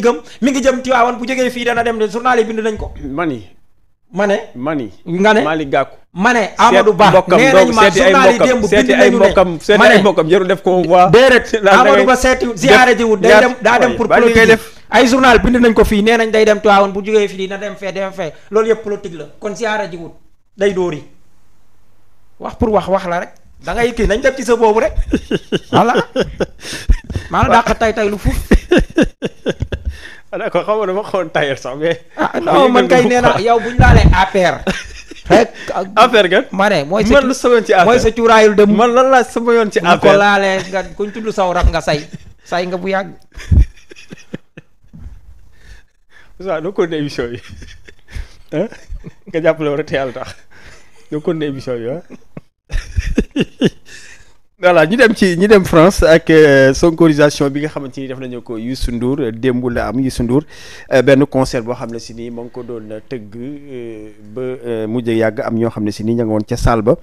gëm mi ngi jëm Tiwaawan bu jógee fii dana dem de journal yi bind nañ ko. man mani man mani nga ne Malick Gakou ma ne Amadou Ba nee nañ ma journal yi démb bind nañu ne ma ne jarul def convoi déedéet Amadou Ba seeti ziare jiwut day dem daa dem pour politique ay journal bind nañ ko fii nee nañ day dem Tiwaawan bu jógee fii na dem fee dem fee loolu yëpp politique kon ziare jiwut day dóori wax pour wax wax la rek da ngay kii nañ def ci sa boobu rek voilà maa la dàq tay tay lu fuuf. d'accord xam nga dama xoon tailleur sax mais. ah man kay nee na bu ñu laalee APR. rek APR gan. ma mooy sa man lu sama yoon ci APR mooy sa cuuraayul dem. man lan laa sama yoon ci APR nga kuñ say say nga bu yàgg. waaw nga jàppale war a teel tax doo ko ne émission yi ah. voilà ñu dem ci ñu dem France ak euh, sonkorisation bi nga xamante ni def nañu ko Youssou Ndour démb la am Youssou nduur euh, benn concert boo xam ne si nii moo ngi ko doon tëgg euh, ba mujj yàgg am ñoo xam ne si nii ña nga woon ca saal ba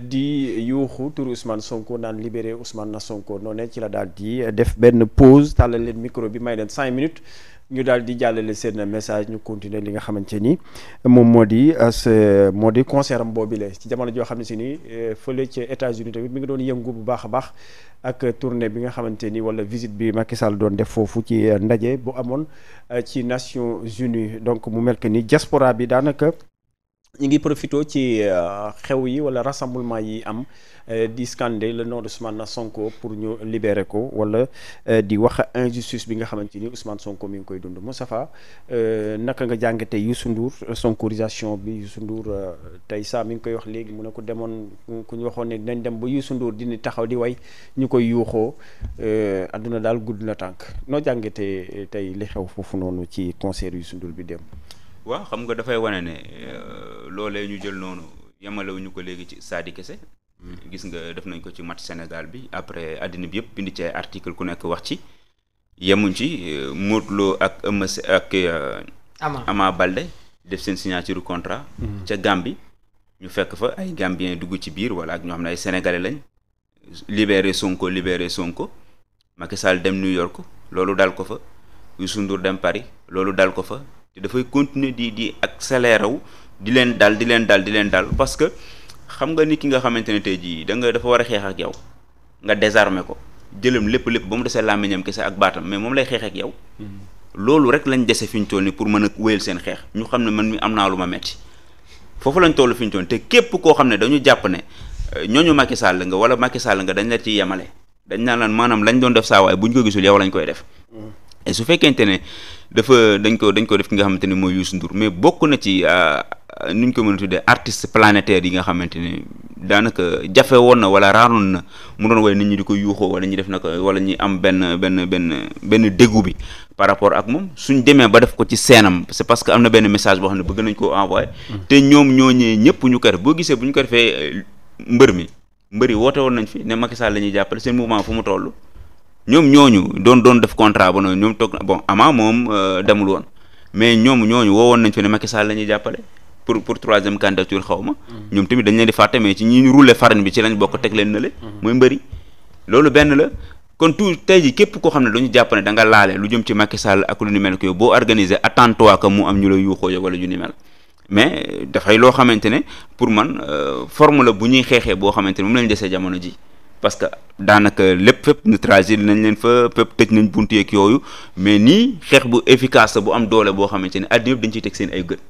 di yuuxu turu Ousmane Sonko naan libéré Ousmane na Sonko noonu ci la daal di def benn pause tàllal leen micro bi may leen cinq minutes. ñu daal di jàllale seen message ñu continuer li nga xamante ni moom moo di as euh, moo di concert am boobu ci jamono joo xam ne si ni euh, fële ca États-Unis tamit mi ngi doon yëngu bu baax a baax ak tournée bi nga xamante ni wala visite bi Macky Sall doon def foofu ci euh, ndaje bu amoon ci Nations Unies donc mu melk nii ni diaspora bi daanaka ñu ngi profito ci euh, xew yi wala rassemblement yi am euh, di scander le nom de Ousmane Sonko pour ñu libérer ko wala euh, di wax injustice bi nga xamante ni Ousmane Sonko mi ngi koy dund Moustapha naka nga jàngate Youssou nduur sonkorisation bi Youssou Ndour tey saa mi ngi koy wax léegi mu ne ko demoon ku ñu waxoon ne dañ dem ba Youssou Ndour dini taxaw di way ñu koy yuuxoo àdduna daal gudd na tànk noo jàngate tey li xew foofu noonu ci concert Youssou Ndour bi dem waaw xam nga dafay wane ne euh, loolee ñu jël noonu yemalewuñu ko léegi ci saadi kese. Mm. gis nga def nañ ko ci match Sénégal bi après àddina bi yëpp bind ci ay article ku nekk wax ci yemuñ ci euh, Modou Lo ak Eumeu euh, Ama Balde def seen signature contrat. Mm. ca Gambie ñu fekk fa ay Gambien dugg ci biir wala ak ñoo xam ne ay sénégalais lañ. libéré sunko libéré Sonko Macky dem New York loolu dal ko fa Youssou Ndour dem Paris loolu dal ko fa. te dafay continuer di di accélérer wu di leen dal di leen dal di leen dal parce que xam nga nit ki nga xamante ne tey jii da dafa war a xeex ak yow nga désarmer ko jëlam lépp lépp ba mu desee làmmiñam kese ak baatam mais moom lay xeex ak yow. Mm-hmm. loolu rek lañ dese fi ñu toll ni pour mën a wéyal seen xeex ñu xam ne man mi am naa lu ma metti foofu lañ toll fi ñu toll te képp koo xam ne dañu jàpp ne euh, ñooñu Macky Sall nga wala Macky Sall nga dañ la ciy yemale dañ naan lan maanaam lañ doon def saa bu ñu ko gisul lañ koy def. Mm-hmm. dafa dañ ko dañ ko def ki nga xamante ni mooy Youssou Ndour mais bokk na ci euh, euh, nu ñu ko mën a tuddee artiste planétaire yi nga xamante ni daanaka jafe woon na wala raaroon na mu doon way nit ñi di ko yuuxoo wala ñu def na ko wala ñuy am benn benn benn benn déggu bi par rapport ak moom suñ demee ba def ko ci seenam c'est parce que am na benn message boo xam ne bëgg nañ koo envoyé mm. te ñoom ñooñee ñëpp ñu ko def boo gisee bu ñu ko defee euh, mbër mi mbër yi woote woon nañ fi ne Macky Sall la ñuy jàppale seen mouvement fu mu toll ñoom ñooñu doon doon def contrat ba noonu ñoom toog bo ama moom euh, demul woon mais ñoom ñooñu woowoon nañ fi ne Macky Sall la ñuy jàppale pour pour troisième candidature xaw ma. Mm-hmm. ñoom tamit dañ leen di fàtte mais ci ñi ñu roulé farine bi ci lañ bokk teg leen nële. Mm-hmm. muy mbëri loolu benn la kon tey jii képp koo xam ne dañu jàpp da nga laale lu jëm ci Macky Sall ak lu ni mel ko boo organisé attends-toi que mu am ñu la yuuxoo wala ñu ni mel. mais dafay loo xamante ne pour man euh, forme la bu ñuy xeexee boo xamante ne moom lañ desee jamono ji. parce que daanaka lépp fépp neutraliser nañ leen fa fépp tëj nañ bunt yeeg yooyu mais ni xeex bu efficace bu am doole boo xamante ne àddina yëpp dañ ciy teg seen ay gën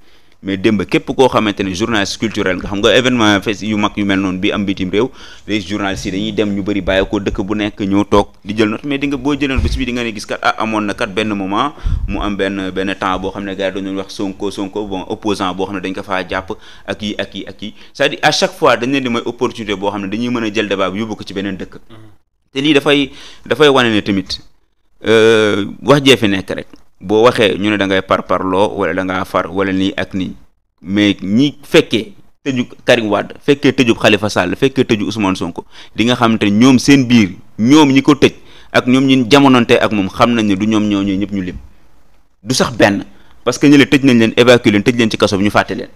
mais démb képp koo xamante ne journaliste culturel nga xam nga événement fes yu mag yu mel noonu bi am bitim réew les journalistes dañuy dem ñu bëri bàyyi ko dëkk bu nekk ñëw toog di jël note mais boo jëloon bés bi di nga ne gis kat ah amoon na kat benn moment mu am benn benn temps boo xam ne gars yi dañu wax Sonko Sonko bon opposant boo xam ne dañ ko faa jàpp ak yi ak yi ak yi cest à chaque fois dañ ne di may opportunité boo xam ne dañuy mën a jël débat bi mm-hmm. lii dafay dafay wane ne tamit euh, wax jee fi nekk rek boo waxee ñu ne da ngay parparloo wala da ngaa far wala nii ak nii mais ñi fekkee tëju Karim Wade fekkee tëjub Khalifa Sall fekkee tëju Ousmane Sonko di nga xam te ñoom seen biir ñoom ñi ko tëj ak ñoom ñi jamononte ak moom xam nañ ne du ñoom ñoo ñëpp ñu lim du sax benn parce que ñële tëj nañ leen évacué leen tëj leen ci kaso bi ñu fàtte leen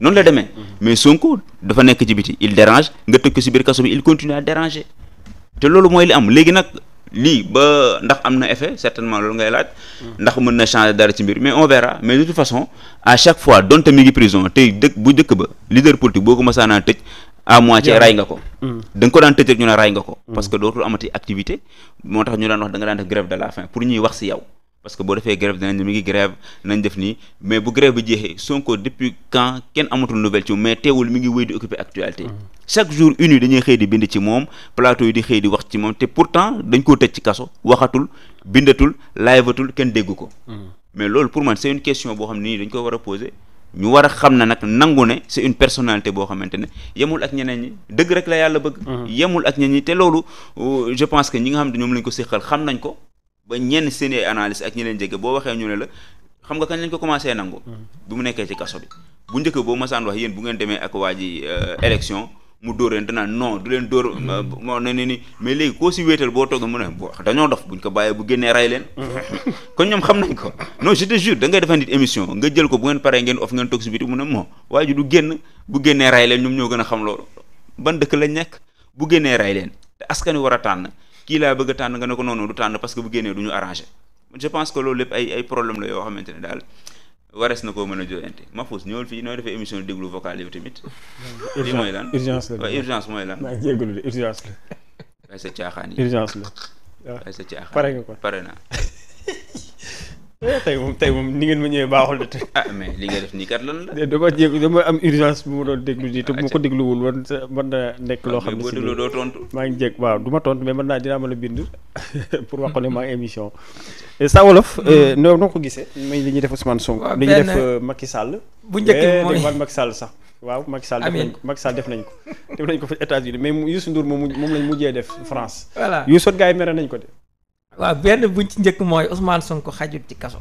noonu la demee mm-hmm. mais Sonko dafa nekk ci biti il dérange nga tëj ko si biir kaso bi il continue à déranger te loolu mooy li am léegi nag lii ba ndax am na effet certainement loolu ngay laaj. ndax mën na changer dara ci mbir mais on verra mais de toute façon à chaque fois donte mi ngi prison tey dëkk bu njëkk ba leader politique boo ko mës a naan tëj. à moitié ray nga ko. Mm. da nga ko daan tëj ñu ne ray nga ko. Mm. parce que dootul amati activité moo tax ñu daan wax da nga daan def grève de la fin pour ñuy wax si yow. parce que boo defee grève dinañ ne mi ngi grève nañ def nii mais bu grève bi jeexee Sonko depuis quand kenn amatul nouvelle ci mais teewul mi ngi wéy di occuper actualité mhm. chaque jour une dañuy xëy di bind ci moom plateau yi di xëy di wax ci moom te pourtant dañ koo tëj ci kaso waxatul bindatul liveatul kenn dégg ko mhm. mais loolu pour man see une question boo xam ne nii dañ ko war a poser ñu war a xam na nag nangu ne c'est une personnalité boo xamante ne yemul ak ñeneen ñi dëgg rek la yàlla bëgg mhm. yemul ak ñeneen ñi te loolu euh, je pense que ñi nga xam ne ñoom lañ ko séqal xam nañ ko ba ñenn seenee ay analyse ak ñi leen jege boo waxee ñu ne la xam nga kañ lañ ko commencé nangu. Mm-hmm. bi mu nekkee ci kaso bi. bu njëkk boo masaan wax yéen bu ngeen demee ak waa ji euh, élection mu dóor leen danaa non du leen dóor. Mm-hmm. Euh, moo ne ni mais léegi koo si wéetal boo toog mu ne boo dañoo dof buñ ko bàyyee bu génnee rey leen. Mm-hmm. kon ñoom xam nañ ko non je te jure da ngay defal nit émission nga jël ko bu ngeen paree ngeen of ngeen toog si mu ne moo waa ji du génn bu génnee rey leen ñoom ñoo gën a xam loolu ban dëkk la nekk bu génnee rey leen te askan wi war a tànn kii laa bëgg a tànn nga ne ko noonu du tànn parce que bu génnee du ñu arrangé je pense que loolu lépp ay ay problème la yoo xamante ne daal warees na koo mën a joyante Mahfouz ñëwul fii nooy defee émission déglu vocal yow tamit. lii mooy lan urgence mooy lan. waaye sa caaxaan yi urgence la. waaye sa caaxaan pare pare naa. tey moom tey moom ni ngeen ma ñëwee baaxul de tey. ah mais li nga def nii dama jéeg dama am urgence bu ma doon déglu nii te bu ma ko ah, dégluwul woon mën na nekk loo ah, xam ne si doo tontu. maa ngi jéeg waaw du ma tontu mais mën naa dinaa mën a bind pour wax ko ne maa émission. Euh, sa Wolof. Euh, hmm. noo noo ko gisee. mooy li ñuy def Ousmane Sonko. waaw li ñuy def euh, Macky Sall. bu njëkk bi eh, mooy sax. waaw Macky Sall def nañ def nañ ko. def ko fa états moom moom lañ mujjee def France. voilà Youssou gars yi mere nañ ko de waaw benn buñ ci njëkk mooy Ousmane Sonko xajut ci kaso.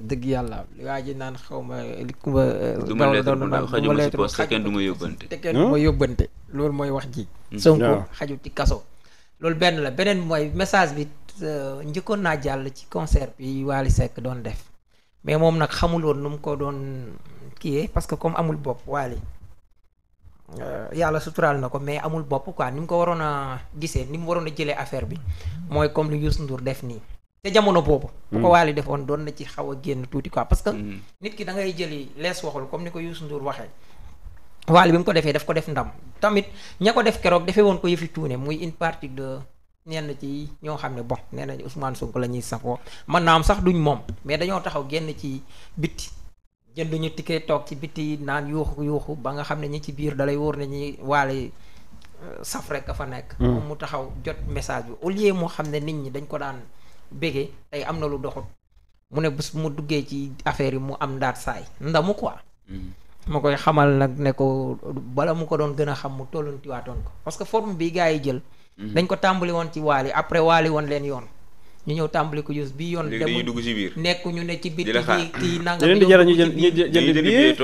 dëgg yàlla waa ji naan xaw ma eh, li ku ma. Eh, du ma leetal bu ndaw xajuma si poos hmm? yóbbante. loolu mooy wax ji. Hmm. Sonko xajut ci kaso. loolu benn la beneen mooy message bi euh, njëkkoon naa jàll ci concert bi Wally Seck doon def mais moom nag xamuloon nu ko doon kiyee parce que comme amul bopp Wally Euh, yàlla suturaal na ko mais amul bopp quoi ni mu ko waroon a gisee ni mu waroon a jëlee affaire bi mooy comme lu Youssou Ndour def nii te jamono boobu. bu ko mm. Wally defoon doon na ci xaw a génn tuuti quoi parce que. Mm-hmm. nit ki da ngay jëli lees waxul comme ni ko Youssou Ndour waxee. Wally bi mu ko defee daf ko def ndam tamit ña ko def keroog defee woon ko yëfi tuune muy une partie de. ñenn ci ñoo xam ne bon nee nañu Ousmane Sonko la ñuy safoo man naa am sax duñ moom mais dañoo taxaw génn ci bitti jënduñu tikkee toog ci biti naan yuuxu yuuxu ba nga xam ne ñi ci biir dalay wóor ne ñi waale euh, saf rek a fa nekk. Hmm. mu taxaw jot message bi au lieu moo xam ne nit ñi dañ ko daan bégee tey am na lu doxut mu ne bés mu duggee ci affaire yi mu am ndaat saay ndamu quoi. Hmm. ma koy xamal nag ne ko bala mu ko doon gën a xam mu tiwaatoon ko parce que forme bi gars yi jël. Hmm. dañ ko tàmbali woon ci waali après waali woon leen yoon. ñu ñëw tàmbali ko yus bi yoon. demul dugg ci biir nekk ne ci biir. di la xaar kii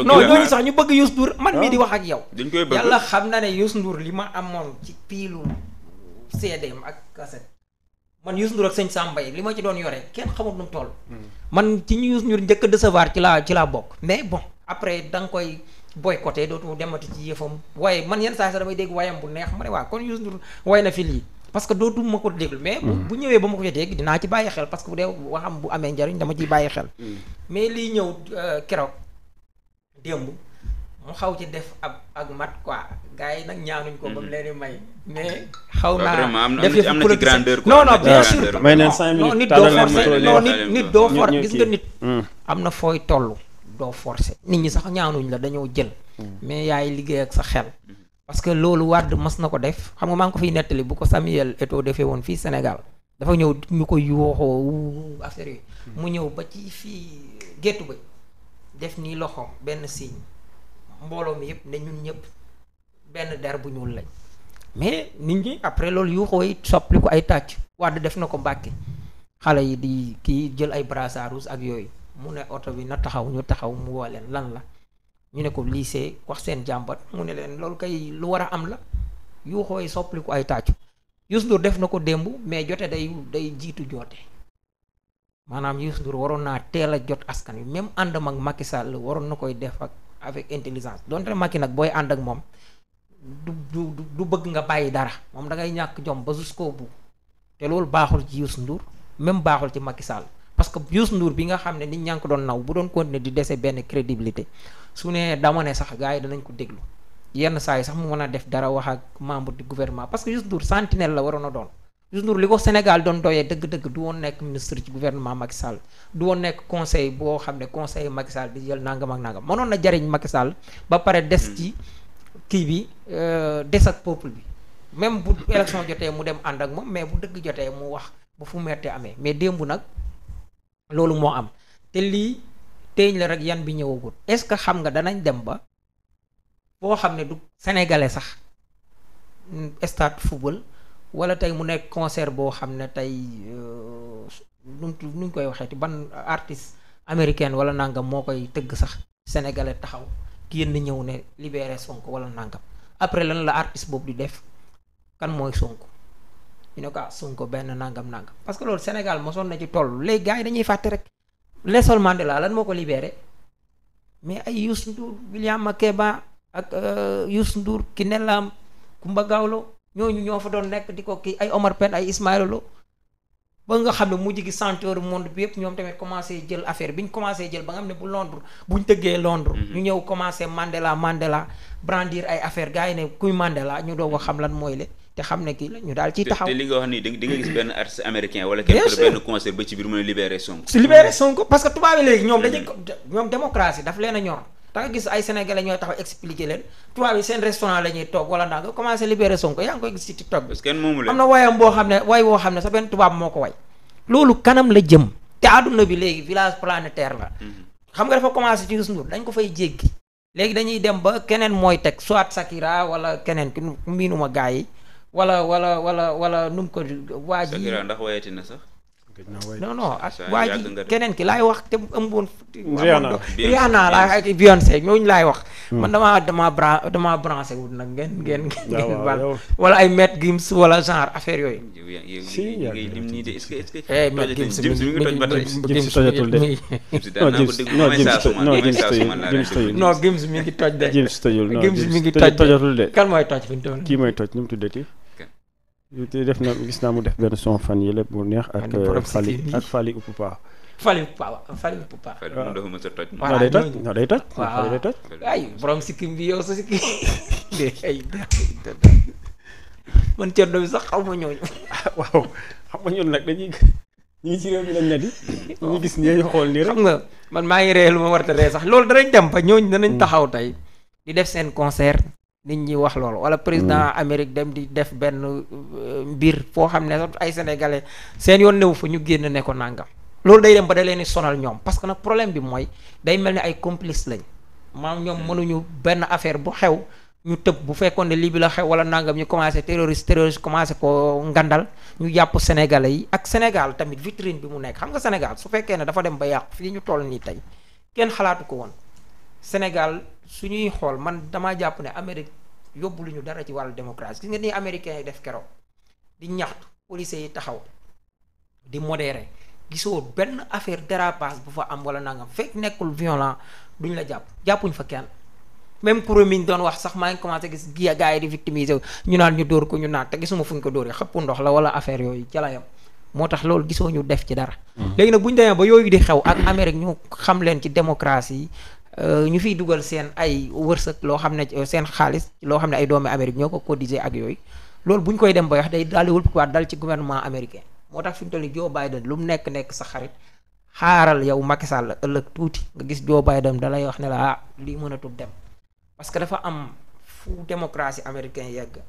ñu sax ñu bëgg Youssou Ndour man mii di ah. wax ak yow. dañ koy yàlla xam na ne Youssou Ndour li ma amoon ci piilu CDM ak cassette man Youssou Ndour ak sëñ Samba yi li ma ci doon yore kenn xamut nu mu toll. Hmm. man ci ñu Youssou Ndour njëkk a décevoir ci laa ci laa bokk. mais bon après da nga koy boycotté dootu demati ci yëfam waaye man yenn saa sax damay dégg wayam bu neex ma ne waa kon Youssou Ndour way na fi lii parce que ma ko dégg mais. bu ñëwee ba ma ko ca dégg dinaa ci bàyyi xel parce que bu dee waxam bu amee njariñ dama ciy bàyyi xel. Mm. mais lii ñëw euh, keroog démb mu xaw ci def ab ak mat quoi gars yi nag ñaanuñ ko ba mm-hmm. may. mais xaw naa na ci grandeur non non bien sûr. may neen nit doo forcé non nit nit doo forcé gis nga nit. Mm. am na fooy toll doo forcé nit ñi sax ñaanuñ la dañoo jël. Mm. mais yaay liggéey ak sa xel. parce que loolu Wade mos na ko def xam nga maa ko fiy nettali bu ko Samuel Eto'o defee woon fii Sénégal dafa ñëw ñu ko yooxoo affaire yi hmm. mu ñëw ba ci fii géttu ba def nii loxo benn signe mbooloo mi yëpp ne ñun ñëpp benn der bu ñuul lañ mais nit ñi après loolu yuuxoo yi soppli ko ay tàcc Wade def na ko Mbàkke xale yi di kii jël ay brassard ak yooyu mu ne oto bi na taxaw ñu taxaw mu waleen leen lan la ñu ne ko lycée wax seen jàmbat mu ne leen loolu kay lu war a am la yu xooy soppali ko ay tàccu Youssou Ndour def na ko démb mais jote day day jiitu joote maanaam Youssou Ndour waroon naa teel a jot askan wi même ànd ak Macky Sall waroon na koy def ak avec intelligence donte Macky nag booy ànd ak moom du du du bëgg nga bàyyi dara moom da ngay ñàkk jom ba jusqu'au bout te loolu baaxul ci Youssou Ndour même baaxul ci Macky Sall parce que Youssou Ndour bi nga xam ne ni ñaa ngi ko doon naw bu doon continuer di dese benn crédibilité su nee dama ne sax gars yi danañ ko déglu yenn saa yi sax mu mën a def dara wax ak membre di guvernement parce que Youssou Ndour sentinelle la waroon a doon Youssou Ndour li ko Sénégal doon doyee dëgg-dëgg du woon nekk ministre ci gouvernement Macky Sall du woon nekk conseil boo xam ne conseil Macky Sall di jël nangam ak nangam mënoon na jariñ Macky Sall ba pare des hmm. ci kii bi euh, des ak peuple bi même bu élection jotee mu dem ànd ak moom mais bu dëgg jotee mu wax ba fu mettee amee mais démb nag loolu moo am te lii teeñ la rek yan bi ñëwagul est-ce que xam nga danañ dem ba boo xam ne du sénégalais sax stade football wala tey mu nekk concert boo xam ne tey euh, nu ñu koy waxee ci ban artiste américain wala nangam moo koy tëgg sax sénégalais taxaw ki génn ñëw ne libéré Sonko wala nangam après lan la artiste boobu di def kan mooy Sonko. ñoo ñu ne ko ah, benn nangam nangam parce que loolu Sénégal mosoon na ci toll léegi gars yi dañuy fàtte rek Nelson Mandela lan moo ko libéré mais ay Youssou Ndour William Makeba ak euh, Youssou Ndour Kiné Lam Kumba Gawlo ñooñu ñoo fa doon nekk di ko kii ay Omar Pène ay Ismaïla Lo ba nga xam ne mu gi centre monde bi yëpp ñoom tamit commencé jël affaire bi ñu commencé jël ba nga xam ne bu Londres bu ñu tëggee Londres. Mhm. ñu ñëw commencé Mandela Mandela brandir ay affaire gars yi ne kuy Mandela ñu doog xam lan mooy le te xam ne kii la ñu daal ciy taxaw. te li nga wax nii di nga gis benn artiste américain wala kenn benn concert ba ci biir mën a libéré Sonko. si libéré Sonko parce que tubaab yi léegi ñoom dañuy daf leen a ñor. da nga gis ay sénégalais ñooy taxaw expliqué leen tubaab yi seen restaurant la ñuy toog wala ndaa nga commencé libéré Sonko yaa ngi koy gis ci TikTok bi. parce ko way. loolu kanam la jëm. te àdduna bi léegi village planétaire la. Mhm. xam nga dafa commencé ci Youssou dañ ko fay jéggi. léegi dañuy dem ba keneen mooy teg soit Sakira wala keneen ku miinuma gaa yi wala wala wala wala nu ko waa ji ndax wayati na sax non non ak waa ji keneen ki laay wax te ëmboon Rihanna laa ak Beyoncé ñooñu laay wax hmm. man damaa damaa bran damaa branché wut nag ngeen ngeen ngeen ah, wàll wala ay Maître Gims wala genre affaire yooyu eh Maître Gims Gims tojatul de non Gims mi ngi toj de Gims tojul Gims mi de kan mooy toj fi mu toll kii mooy toj nu mu tuddati te def na gis naa mu def benn son fan yi lépp mu neex ak. Euh, Fally ak Fally Ipupa. Fally Ipupa waaw Fally Ipupa. waaw dafa a toj. voilà day toj waaw ay borom sikkim bi yow sa de ay man ceddo bi sax xaw ma ñooñu. xam nga ñun nag dañuy ñu gis ñee ñu xool nga man maa ngi ree lu ma war sax loolu danañ dem ba ñooñu danañ mm. taxaw tey. di def seen concert nit ñi wax loolu wala président hmm. Amérique dem di def benn euh, mbir foo xam ne sax ay sénégalais seen yoon newu fa ñu génn ne ko nàngam loolu day dem ba da leen sonal ñoom parce que nag problème bi mooy day mel ni ay complice lañ maam ñoom hmm. mënuñu benn affaire bu xew ñu tëb bu fekkoon ne lii bi la xew wala nangam ñi commencé terroriste terroriste commencé ko ngandal ñu jàpp sénégalais yi ak Sénégal tamit vitrine bi mu nekk xam nga Sénégal su fekkee ne dafa dem ba yàqu fii ñu toll nii tey kenn xalaatu ko woon Sénégal su ñuy xool man damaa jàpp ne Amérique yóbbu lu ñu dara ci wàllu démocratie gis nga ni américain yi def kero di ñaxtu policiers yi taxaw di modere gisoo benn affaire dérapage bu fa am wala nangam fekk nekkul violent duñ la jàpp jàppuñ fa kenn même kuréel mi ñu doon wax sax maa ngi commencé gis gi gars yi di victimiser naan ñu dóor ko ñu naat te gisuma fuñ ko dóoree xëpp ndox la wala affaire yooyu ca la yam moo tax loolu gisoo ñu def ci dara. Hmm. léegi nag bu ñu demee ba yooyu di xew ak Amérique ñu xam leen ci démocratie Euh, ñu fiy dugal seen ay wërsëg loo xam ne euh, seen xaalis loo xam ne ay doomi Amérique ñoo ko cotiser ak yooyu loolu bu koy dem ba wax day daal di wëlbatiwaat dal ci gouvernement américain moo tax fi mu toll nii Joe Biden lu mu nekk nekk sa xarit xaaral yow Macky Sall la ëllëg tuuti nga gis Joe Biden dalay wax ne la ah lii mënatul dem parce que dafa am fu démocratie américain yegg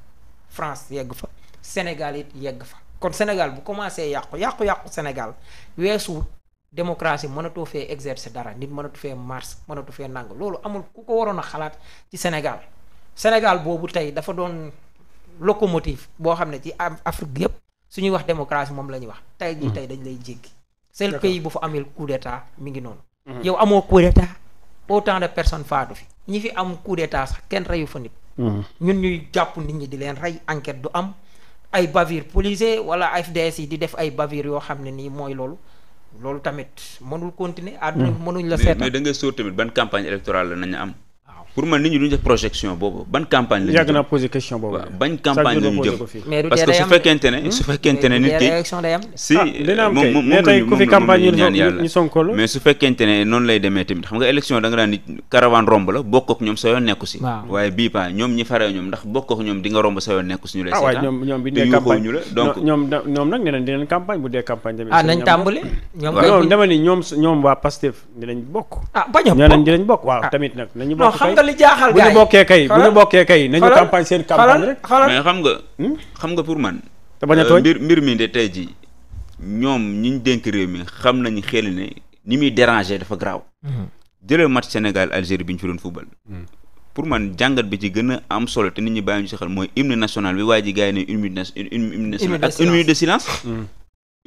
France yegg fa Sénégal it yegg fa kon Sénégal bu commencé yàqu yàqu yàqu Sénégal weesu démocratie mënatoo fee exercer dara nit mënatu fee mars mënatu fee nangu loolu amul ku ko waroon a xalaat ci Sénégal Sénégal boobu tey dafa doon locomotive boo xam ne ci Afrique yépp su ñuy wax démocratie moom la ñuy wax. tey jii mm-hmm. tey dañ lay jéggi. seul pays bu fa amee coup d'état mi ngi noonu. Mm-hmm. yow amoo coup d'état autant de personnes faatu fi ñi fi am coup d'état sax kenn reyu fa nit. Mm-hmm. ñun ñuy jàpp nit ñi di leen rey enquête du am ay bavure policier wala FDS yi di def ay bavure yoo xam ne nii mooy loolu. loolu tamit mënul continuer. àdduna hmm. mënuñ la seetaan mais da ngay sóor tamit ban campagne électorale la nañu am. pour man nit ñi duñu def projection boobu ban campagne la ñu. yàgg naa boobu ban campagne la jëm parce que su fekkente ne su nit ki si ah, mais su fekkente ne noonu lay demee tamit xam nga élection da daan nit caravane romb la bokk ñoom sa yoon nekku si waaye bii pa ñoom ñi faree ñoom ndax bokk ñoom di romb sa yoon nekku si ñu lay ah, seetaan ñoom bi ñu campagne bu dee campagne tamit ah, nañ tàmbali ñoom dama ñoom waa Pastef dinañ bokk a tamit nag nañu bokk li jaaxal gars yi bu ñu bokkee kay bu nañu campagne seen campagne rek mais xam nga hmm? xam nga pour man te euh, mbir mbir mi de tey ji ñoom ñi ñu dénk réew mi xam nañu xel ne ni muy déranger dafa garaaw hmm. jëlee match Sénégal Algérie bi ñu fi doon football hmm. pour man jàngat bi ci gën a am solo te nit ñi bàyyi ñu si xel mooy hymne national bi waa ji gars yi ne une minute ak une minute de silence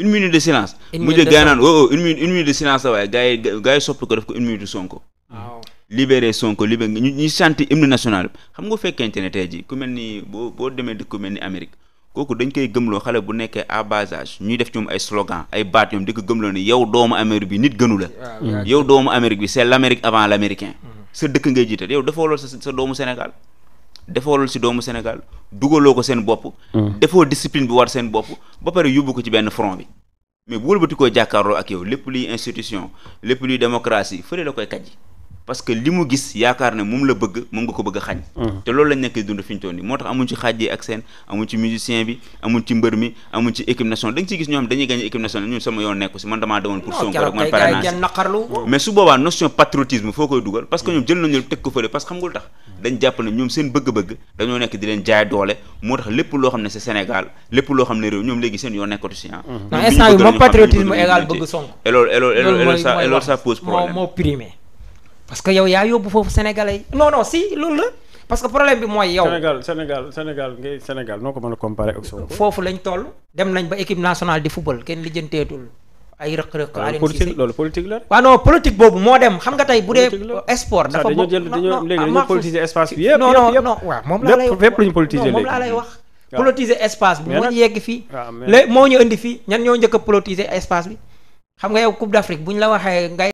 une minute de silence mu jël gars yi naan oh oh une minute une minute de silence la waaye ko def ko une libéré Sonko libéré ñu ñu chanté hymne national xam nga fekkente ne tey ji ku mel ni boo demee dëkk ku mel ni Amérique kooku dañ koy gëmloo xale bu nekkee à ñuy def ci moom ay slogan ay baat ñoom di ko gëmloo ni yow doomu Amérique bi nit gënu la yow doomu Amérique bi c'est l'Amérique avant l'américain mm-hmm. sa dëkk ngay jiital yow defoo loolu sa sa doomu Sénégal defoo loolu si doomu Sénégal dugaloo ko seen bopp mm. defoo discipline bi war seen bopp ba pare yóbbu ko ci benn front bi mais bu wëlbati koo jàkkaarloo ak yow lépp luy institution lépp luy démocratie fële la koy kajji parce que li mu gis yaakaar ne moom la bëgg moom nga ko bëgg xañ mm-hmm. te loolu lañ nekkee dund fi ñu toll nii moo tax amuñ ci xaajee ak seen amuñ ci musicien bi amuñ ci mbër mi amuñ ci équipe nationale da nga gis ñoom seen bëgg-bëgg dañoo nekk di leen jaay doole moo tax lépp loo xam ne c'est Sénégal lépp loo xam ne réew ñoom léegi seen yoon nekkatu si ah mm-hmm. instant bi moom patriotisme égal bëgg Sonko et loolu et loolu problème parce que yow yaa yóbbu foofu sénégalais yi non non si loolu la parce que problème bi mooy yow. Sénégal Sénégal noo ko mën a comparer foofu lañ toll. dem nañ ba équipe nationale di football kenn lijjanteetul ay rëq-rëq. Aliou Cissé loolu politique boobu moo dem xam nga tey bu dee. sport dafa bokk moom laa lay wax lépp espace bi moo yegg fii. waaw ah, moo ñu indi fii ñan ñoo njëkk a espace bi. xam nga yow Coupe d'Afrique bu ñu la waxee ngay